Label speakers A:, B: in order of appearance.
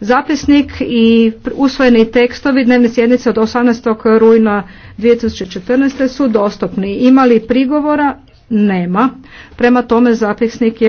A: Zapisnik i usvojeni tekstovi dnevne sjednice od 18. rujna 2014. su dostupni. Imali prigovora? Nema.
B: Prema tome zapisnik je